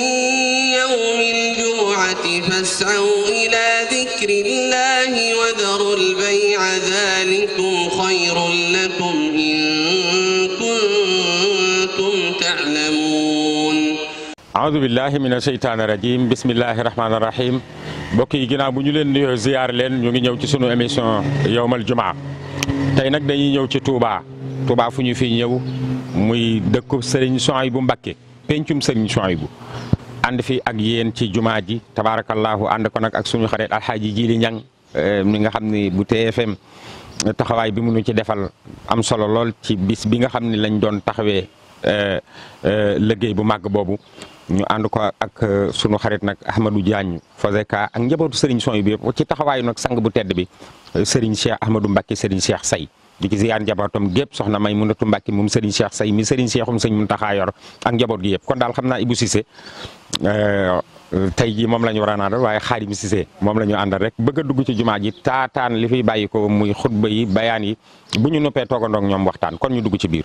يوم الجمعة فاسعوا إلى ذكر الله وذروا البيع ذلكم خير لكم إن كنتم تعلمون أعوذ بالله من الشيطان الرجيم بسم الله الرحمن الرحيم mbokk yi ginnaaw bu ñu leen nuyoo ziyaar leen ñu ngi ñëw ci sunu émission yowmal jumaa tey nag dañuy ñëw ci Touba Touba fu ñu fi ñëw muy dëkku Serigne Souhaïbou Mbacké pencum Serigne Souhaïbou ànd fi ak yéen ci jumaa ji tabaarakallaahu ànd ko nag ak suñu xarit alxaaji Jili Ñang eh, mi nga xam ni bu TFM taxawaay bi mu nu ci defal am solo lool ci bis bi nga xam ni lañ doon taxawee eh, eh, liggéey bu màgg boobu ñu ànd ko ak sunu xarit nag Ahmadou Diagne Fozeka ak njabootu Serigne son bi yëpp ci taxawaay nag sang bu tedd bi Serigne Cheikh Ahmadou Mbacke Serigne Cheikh Say di ci ziyaar njabootam gépp soxna may munatu Mbacke moom Serigne Cheikh Say mi Serigne Cheikhum sëñ Muntaxa yor ak njaboot gi yëpp kon daal xam naa Ibou Cissé Euh, tey jii moom lañu ñu war a àndal waaye Xaadim moom la ñu àndal rek bëgg a dugg ci jumaa ji taataan li fiy bàyyi muy xutba yi bayaan yi bu ñu noppee toogandoog ñoom waxtaan kon ñu dugg ci biir.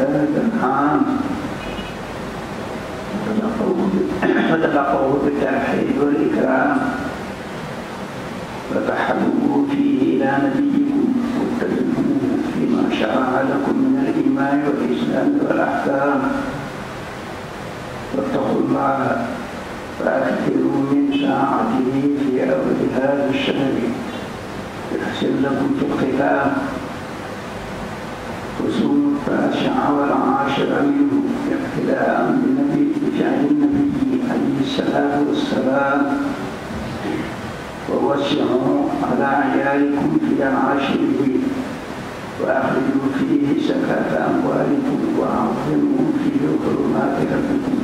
ذلك عام فتلقوه بالترحيب والإكرام فتحلوا والسلام ووسعوا على عيالكم في معاشرهم وأخرجوا فيه زكاة أموالكم وأعظموا فيه حرمات ربكم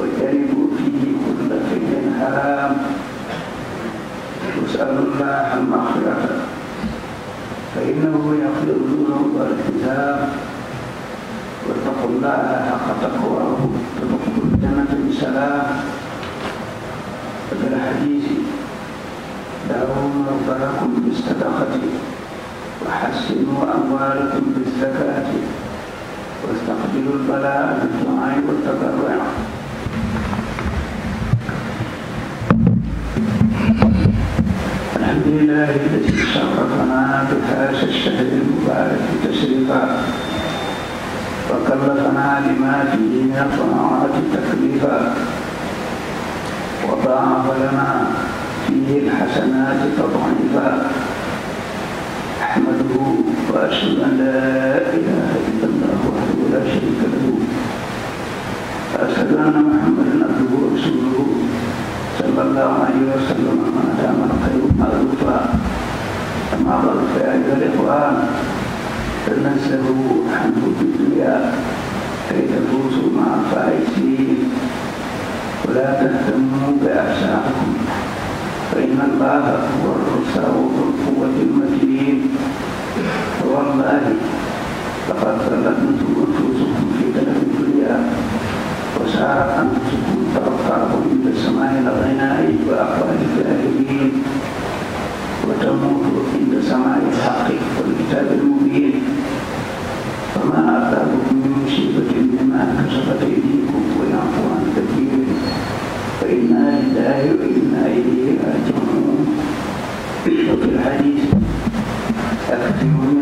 واجتنبوا فيه كل شيء حرام واسألوا الله المغفرة فإنه يغفر الذنوب والحساب واتقوا الله حق تقواه تدخلوا الجنة بسلام الحديث داوم ربكم بالصدقة وحسنوا أموالكم بالزكاة واستقبلوا البلاء بالدعاء والتضرع الحمد لله الذي شرفنا بهذا الشهر المبارك تشريفا وكلفنا لما فيه من الطاعات تكليفا وضاعف لنا فيه الحسنات تضعيفا أحمده وأشهد أن لا إله إلا الله وحده لا شريك له وأشهد أن محمدا عبده ورسوله صلى الله عليه وسلم ما دام الخير معروفا أما بعد فيا أيها الإخوان تنزهوا عنه في الدنيا كي تفوزوا مع فائزين ولا تهتموا بأبشاركم فإن الله هو الرزاق ذو القوة المتين والله لقد ظلمتم أنفسكم في طلب الدنيا وسار أنفسكم ترقاكم إلى السماء الغناء وأقوال الكافرين وتموت عند سماع الحق والكتاب المبين فما أتاكم من مصيبة بما كسبت أيديكم يحل من أيديهم أجرهم وفي الحديث أكثر من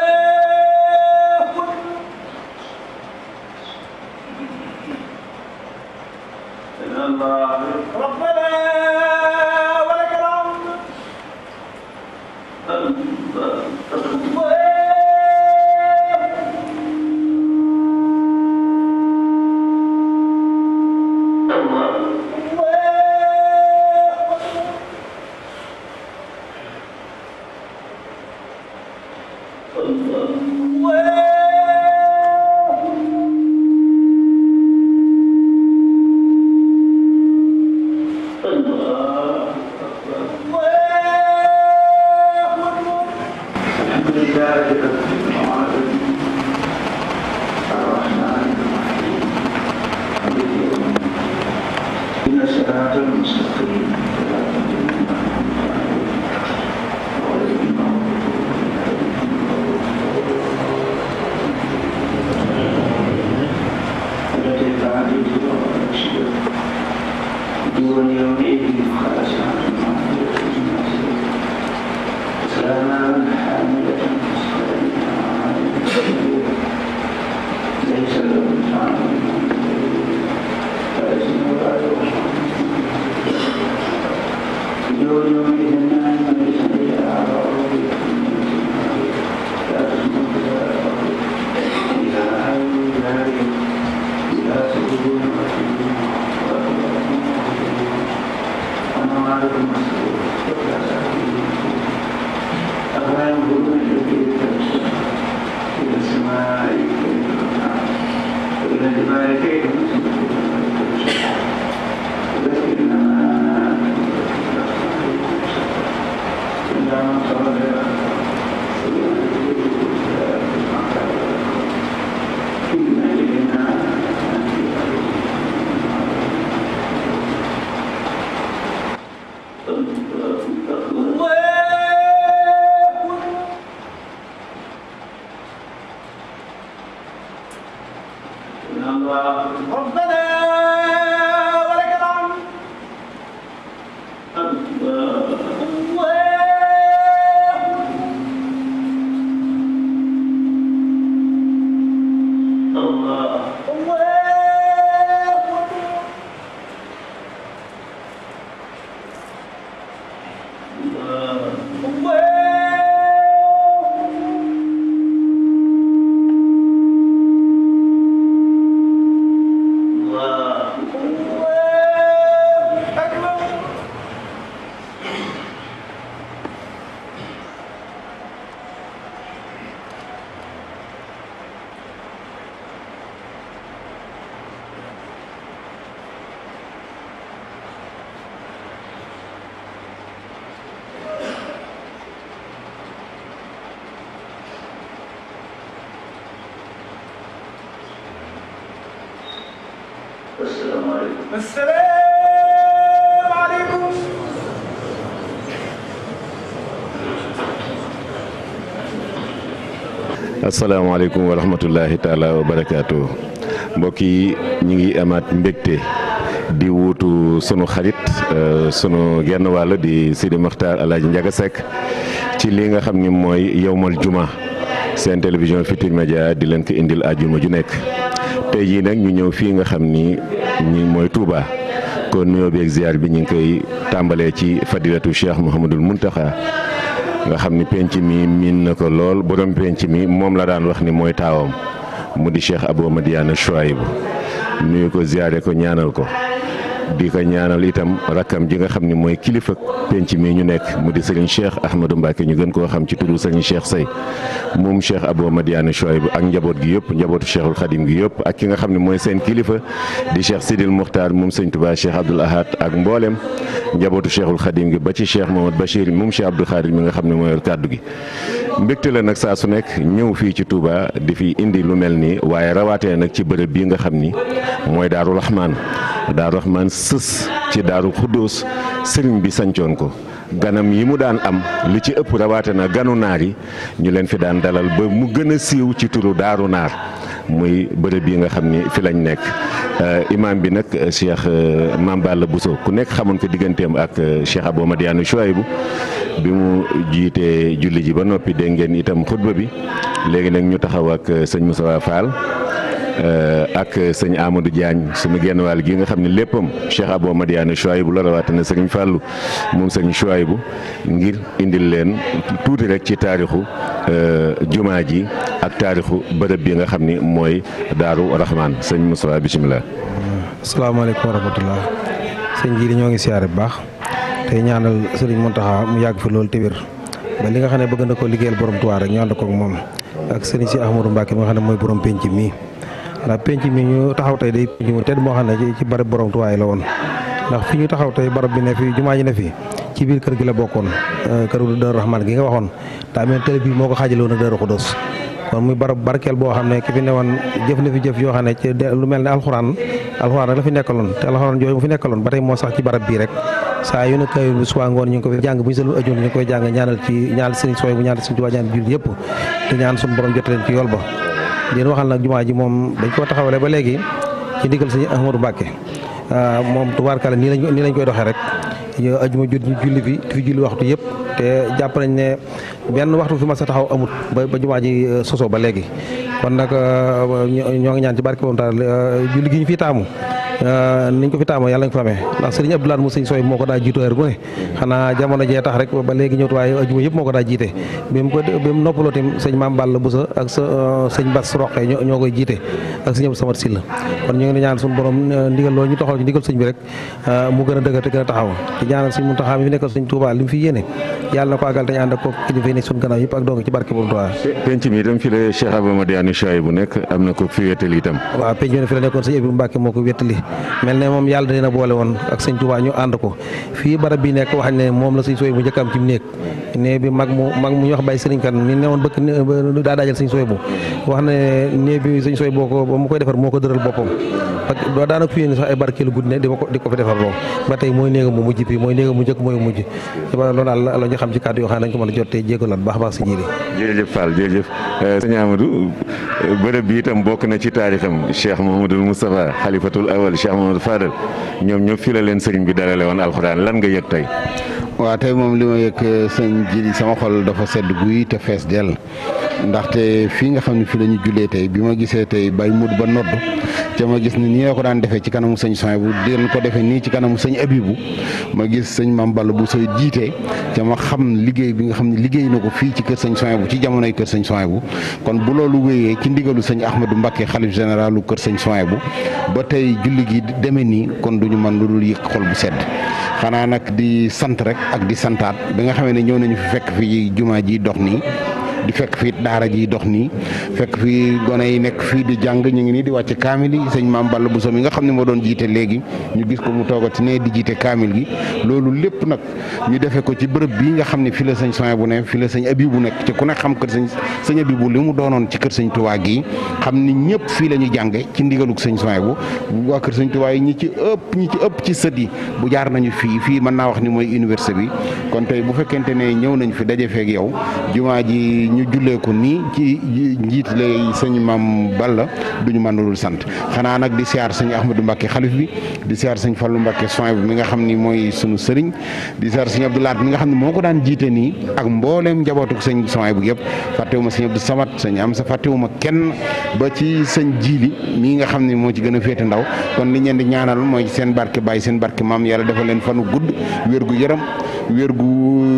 أقلام حاملة والسلام عليكم السلام عليكم asalaamaaleykum wa barakaatu mbokk yi ñu ngi amaat mbegte di wuutu sunu xarit euh, sunu genn wàll di Sidi Maxtaar Alaaji Njaga Sekk ci li nga xam ni mooy yowmal juma seen télévision Futurs Médias di leen ko indil ajuma ju nekk tey jii nag ñu ñëw fii nga xam ni ñi mooy Touba kon nuyoo bi ak bi ñu ngi koy tàmbalee ci fadilatu Cheikh Mouhamadul muntaxa nga xam ni penc mi miin na ko lool borom penc mi moom la daan wax ni mooy taawam mu di Cheikh Abou Madiana Chouaïbou nuyu ko ziare ko ñaanal ko. di ko ñaanal itam rakkam ji nga xam ni mooy kilifa penc mii ñu nekk mu di sëriñ Cheikh Ahmadou Mbacke ñu gën koo xam ci turu sëriñ Cheikh Sey moom Cheikh Abou Madiane Chouaïb ak njaboot gi yëpp njabootu Cheikhul Khadim gi yëpp ak ki nga xam ne mooy seen kilifa di Cheikh Sidil Muxtaar moom sëñ Touba Cheikh Abdoul Ahad ak mboolem njabootu Cheikhul Khadim gi ba ci Cheikh Mohamad Bachir moom Cheikh Abdoul Khadir mi nga xam ne mooy kàddu gi mbégte nag saa su nekk ñëw fii ci Touba di fi indi lu mel ni waaye rawaate nag ci bërëb bii nga xam ni mooy Daaru Raxmaan Daaru Raxmaan sës ci Daaru Xuddoos sëriñ bi sancoon ko ganam yi mu daan am li ci ëpp rawaate na ganu naar yi ñu leen fi daan dalal ba mu gën a siiw ci turu Daaru Naar muy bërëb yi nga xam ni fi lañ nekk euh, imaam bi nag euh, cheikh euh, Mame Balla Bousso ku nekk xamoon ko digganteem ak cheikh Abou Madiane Chouaïbou bi mu jiitee julli ji ba noppi dégg ngeen itam xutba bi léegi nag ñu taxaw ak sëñ Moussa Fall Euh, ak sëñ Amadou Diagne sunu genn wàll gi nga xam ne léppam madia Abou Madiane Chouaïbou la rawatina sëriñ Fallou moom sëriñ Chouaïbou ngir indil leen tuuti rek ci taarixu euh, jumaa ji ak taarixu bërëb bi nga xam ni mooy Daaru Rahman sëñ Moussa bisimilah. asalaamaaleykum wa rahmatullah sëñ ji ñoo ngi siyaare bu baax tey ñaanal sëriñ Mountakha mu yàgg fi loolu te wér ba li nga xam ne bëgg na ko liggéeyal borom Tuubaa rek ñu ànd moom ak sëriñ si Ahmadou Mbacke mi nga xam ne borom penc mi. ndax penc mi ñu taxaw tey barab borom tuwaay la woon ndax fi ñu taxaw tey barab bi ne fi jumaa ne fi ci biir kër gi la bokkoon euh, këru Daaru Rahmaan gi nga waxoon te amee moo ko xaajale woon ak Daaru Xudoos kon muy barab boo xam ne ki yoo xam ne ci lu mel ne alxuraan alxuraan rek la fi nekkaloon te alxuraan yooyu mu fi nekkaloon ba tey moo sax ci barab bii rek saa yu ne kayu bu suwa ngoon ñu ngi ko jàng bu ñu selu ajun ñu ngi koy jàng ñaanal ci ñaanal sëñ sooy bu ñaanal sëñ Tuubaa ñaan jullit te ñaan suñu borom jot leen ci yool ba di waxal nag jumaa ji moom dañ koo taxawale ba léegi ci ndigal sëñ Ahmadou Mbacke ah, moom tubaarkala nii lañ nii lañ koy doxee rek ñu ajuma jot ñu julli fi fi julli waxtu yëpp te jàpp nañ ne benn waxtu fi ma sa taxaw amut ba ba jumaa ji euh, sosoo ba léegi kon nag euh, ñoo ngi ñaan ci barke boobu euh, daal julli gi ñu fi taamu. Euh, niñ ko fi taamoo yàlla nga ko fa amee ndax sëriñ Abdoulaye mu sëñ sooy moo ko daa jiitoo heure ne xanaa jamono jee tax rek ba léegi ñëwut waaye yëpp ko daa jiite bi mu ko bi mu noppaloo tim ak sa euh, koy jiite ak sëñ Abdou Samad Silla kon ñu ngi ñaan borom euh, ndigal loolu ñu taxaw ci ndigal sëñ bi rek mu a dëgër a taxaw di ñaanal sëñ Muntaxa mi fi nekkal sëñ Touba li mu fi yéene yàlla barke bu nekk am na ko fi wéttali itam waaw penc mi fi la nekkoon sëñ Ibou Mbacke moo ko wéttali mel ne moom yàlla dina boole woon ak sëñ Tuubaa ñu ànd ko fii barab bi nekk wax ne moom la sëñ sooy bu njëkk am ci néeg nee bi mag mu mag mu ñu wax Baye Serigne Kane mi ne woon bëkk daa daajal sëñ sooy bu wax bi ko mu koy moo ko dëral boppam parce que daanaka fi yéen ba tey mooy néegam mu mujj bi mooy néegam mu njëkk mooy mujj ba loolu daal la ñu xam ci kàddu yoo xam ne dañ ko mën a jot euh, euh, bi itam bokk na ci taarixam Cheikh Mouhamadoul Moustapha xalifatul awal Cheikh Mamadou Fadal ñoom ñëpp fii la leen sëriñ bi dalale woon alxuraan lan nga yëg tey. waaw tey moom li ma yëg eh, sëñ ji sama xol dafa sedd guy te fees dell ndaxte fii nga xam ne fii la ñu jullee tey bi ma gisee tey bay mut ba nodd te ma gis ni nii la ko daan defee ci kanamu sëñ soin bu den ko defee nii ci kanamu sëñ abibu ma gis sëñ mam ball bu sooy jiitee te ma xam liggéey bi nga xam ne liggéey na ko fii ci kër sëñ soin bu ci jamonoy kër sëñ soin bu kon bu loolu wéyee ci ndigalu sëñ ahmadou mbàkke xalif généralu kër sëñ soin bu ba tey julli gi demee nii kon duñu man lu dul yëg bu sedd xanaa nag di sant rek ak di santaat bi nga xamee ne ñëw nañu fi fekk fi jumaa ji dox nii di fekk fii daara ji dox nii fekk fii gone yi nekk fii di jàng ñu ngi nii di wàcc kaamil yi sëñ maam Balla Bousso mi nga xam ne moo doon jiite léegi ñu gis ko mu toogati ne di jiite kaamil gi loolu lépp nag ñu defee ko ci bërëb bii nga xam ne fii la sëñ soin bu ne fii la sëñ bu nekk ci ku ne xam kër sëñ sëñ abi bu li mu doonoon ci kër sëñ Tuubaa gi xam ni ñëpp fii la ñu jànge ci ndigaluk sëñ soin bu waa kër sëñ Tuubaa yi ñi ci ëpp ñi ci ëpp ci sët yi bu jaar nañu fii fii man naa wax ni mooy université bi kon bu fekkente ne ñëw nañ fi daje feek yow ñu jullee ko nii ci njiit lay sëñ maam Balla ñu màndulul sant xanaa nag di siyaar sëñ Ahmadou Mbacke xalif bi di siyaar sëñ falu Mbacke soin bi mi nga xam ni mooy sunu sëriñ di siyaar sëñ Abdou Lahat mi nga xam ne moo ko daan jiite nii ak mbooleem njabootuk sëñ soin bu yëpp fàttewuma sëñ Abdou Samad sëñ am sa fàttewuma kenn ba ci sëñ jiili mii nga xam ni moo ci gën a féete ndaw kon li ñeen di ñaanal mooy seen barke bàyyi seen barke maam yàlla defal leen fanu gudd wér gu yaram wér gu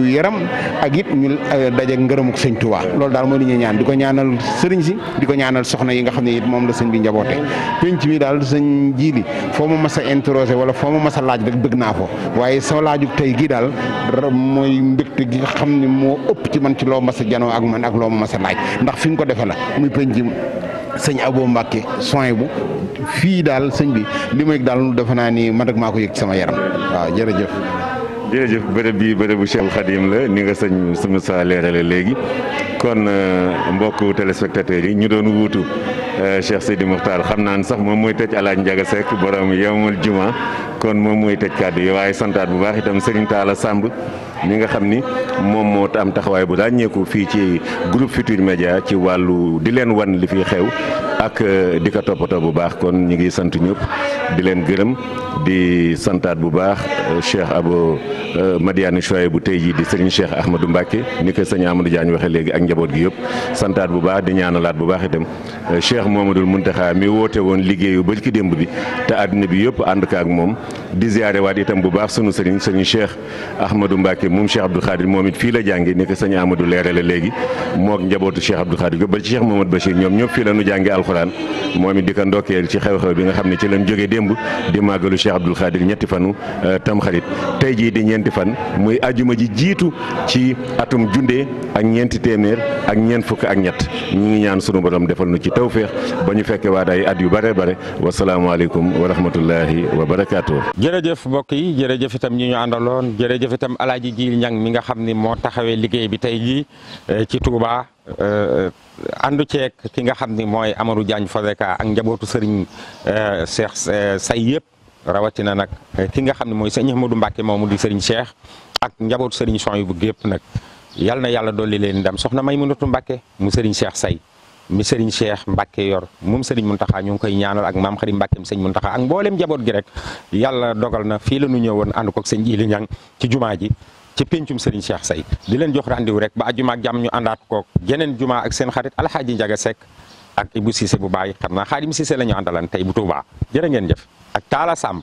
yaram ak yit ñu euh, daje ngërëmuk sëñ Touba loolu daal mooy li ñuy ñaan di ko ñaanal sëriñ si di ko ñaanal soxna yi nga xam ne it moom la sëñ bi njaboote penc mi daal sëñ ji li foo ma mas a wala foo ma mas a laaj rek bëgg naa ko waaye sa laaju tey gi daal mooy mbégte gi xam ne moo ëpp ci man ci loo mas a janoo ak man ak loo ma mas a ndax fi nga ko defe la muy penc sëñ Abo Mbacke soin bu fii daal sëñ bi li ma daal defe naa ni man rek maa ko yëg sama yaram waaw jërëjëf jërëjëf bërëb bi bërëbu Cheikh Khadim la ni nga sëñ su Moussa leerale léegi kon euh, mbokk téléspectateurs yi ñu doon wuutu euh, Cheikh Sidi Mokhtar xam naa ne sax moom mooy tëj alaaj Njaga Seck borom yowmal juma kon moom mooy tëj kàddu yi waaye santaat bu baax itam Serigne taala sàmb mi nga xam ni moom moo am taxawaay bu ràññeeku fii ci groupe Futurs Médias ci wàllu di leen wan li fi xew ak euh, di ko toppatoo bu baax kon ñu ngi sant ñëpp di leen gërëm di santaat bu baax euh, Cheikh Abo euh, Madiane Choye bu tey jii di sëriñ Cheikh Ahmadou Mbacke ni ko sëñ Amadou Diagne waxee léegi ak njaboot gi yëpp santaat bu baax di ñaanalaat bu baax itam Cheikh Momadou Mountakha mi woote woon liggéeyu bërki démb bi te àddina bi yëpp ànd ko ak moom di ziyaarewaat itam bu baax sunu sëriñ sëriñ Cheikh Ahmadou Mbacke moom Cheikh Abdou Khadir moom it fii la jàngi ni ko sëñ Amadou leerale léegi moog njabootu Cheikh Abdou Khadir ba ci Cheikh Momadou Bachir ñoom ñëpp fii la nu alxuraan moom it di ko ndokkeel ci xew-xew bi nga xam ne ci lañ jóge démb di màggalu Cheikh Abdoul Khadir ñetti fanu euh, tamxarit tey jii di ñeenti fan muy ajuma ji jiitu ci atum junde ak ñeenti téeméer ak ñeent fukk ak ñett ñu ngi ñaan sunu borom defal nu ci tawféex ba ñu fekke waa day at yu bare bare wasalaamaaleykum wa rahmatullahi wa barakaatu. jërëjëf mbokk yi jërëjëf itam ñi ñu àndaloon jërëjëf itam alaaji ji ñang mi nga xam ni moo taxawee liggéey bi tey jii euh, ci Touba. Euh, euh, àndu ceeg ki nga xam ni mooy Amadou Diagne Fazeka ak njabootu sëriñ euh, Cheikh say yëpp rawatina nag ki nga xam ne mooy sëñ Ahmadou Mbacke moomu di sëriñ Cheikh ak njabootu sëriñ son yu yëpp nag yal na yàlla dolli leen ndam soxna Maymunatu Mbacke mu sëriñ Cheikh say mi sëriñ Cheikh Mbacke yor moom sëriñ Mountakha ñu ngi koy ñaanal ak maam xarit Mbacke sëñ Mountakha ak mboolem njaboot gi rek yàlla dogal na fii la ñu ñëwoon ànd koog sëñ Jili ci jumaa ji ci péncum Serigne Cheikh Say di leen jox rendez rek ba àjjuma ak ñu àndaat kook geneen juma ak seen xarit alxaaji Njaga Sekk ak Ibou Cissé bu bàyyi xam naa Xaadim Cissé la ñu àndalan bu Tuubaa jërë ngeen jëf ak Taala Samb